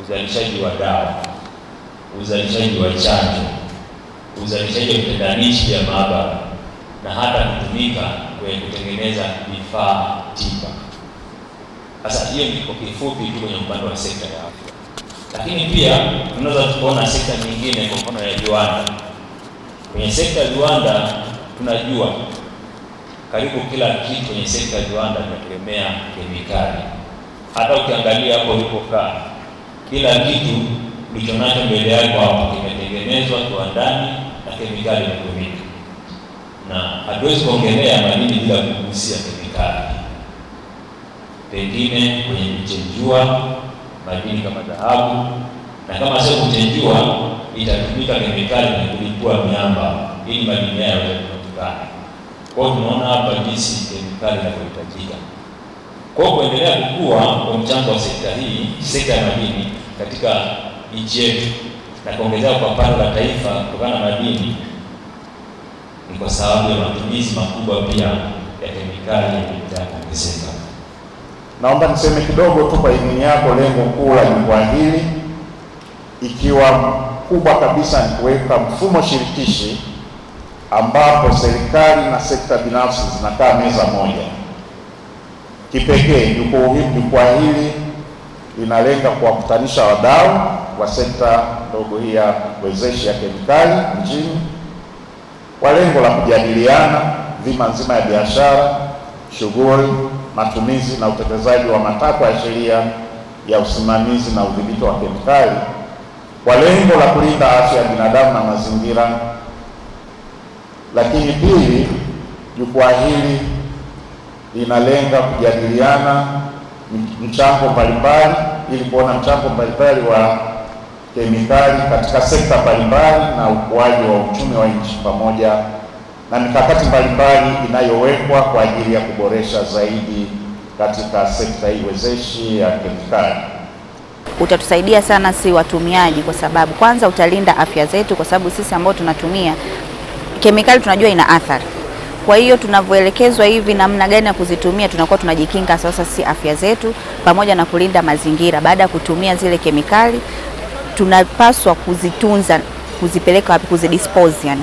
uzalishaji wa dawa, uzalishaji wa chanjo, uzalishaji wa vitendanishi vya maabara na hata kutumika kwenye kutengeneza vifaa tiba. Sasa hiyo ni kwa kifupi tu kwenye upande wa sekta ya afya, lakini pia tunaweza tukaona sekta nyingine, kwa mfano ya viwanda. Kwenye sekta ya viwanda tunajua karibu kila kitu kwenye sekta ya viwanda inategemea kemikali. Hata ukiangalia hapo ulipokaa kila kitu nacho mbele yako hapo kimetengenezwa kiwandani na kemikali imetumika, na hatuwezi kuongelea madini bila kugusia kemikali. Pengine kwenye kuchenjua madini kama dhahabu, na kama sio kuchenjua, itatumika kemikali na kulipua miamba ili madini hayo yawe kupatikana. Kwa hiyo tunaona hapa jinsi kemikali inavyohitajika. Kwa kuendelea kukua kwa mchango wa sekta hii, sekta ya madini katika nchi yetu na kuongezeka kwa pato la taifa kutokana na madini ni kwa sababu ya matumizi makubwa pia ya kemikali kuongezeka. Naomba niseme kidogo tu kwa idhini yako, lengo kuu la jukwaa hili ikiwa kubwa kabisa ni kuweka mfumo shirikishi ambapo serikali na sekta binafsi zinakaa meza moja. Kipekee jukwaa hili linalenga kuwakutanisha wadau wa sekta ndogo hii ya wezeshi ya kemikali nchini kwa lengo la kujadiliana dhima nzima ya biashara, shughuli, matumizi na utekelezaji wa matakwa ya sheria ya usimamizi na udhibiti wa kemikali kwa lengo la kulinda afya ya binadamu na mazingira. Lakini pili, jukwaa hili linalenga kujadiliana mchango mbalimbali ili kuona mchango mbalimbali wa kemikali katika sekta mbalimbali na ukuaji wa uchumi wa nchi pamoja na mikakati mbalimbali inayowekwa kwa ajili ya kuboresha zaidi katika sekta hii wezeshi ya kemikali. Utatusaidia sana si watumiaji, kwa sababu kwanza utalinda afya zetu, kwa sababu sisi ambao tunatumia kemikali tunajua ina athari kwa hiyo tunavyoelekezwa hivi, namna gani ya kuzitumia, tunakuwa tunajikinga sasa si afya zetu pamoja na kulinda mazingira. Baada ya kutumia zile kemikali, tunapaswa kuzitunza, kuzipeleka wapi, kuzidispose yani.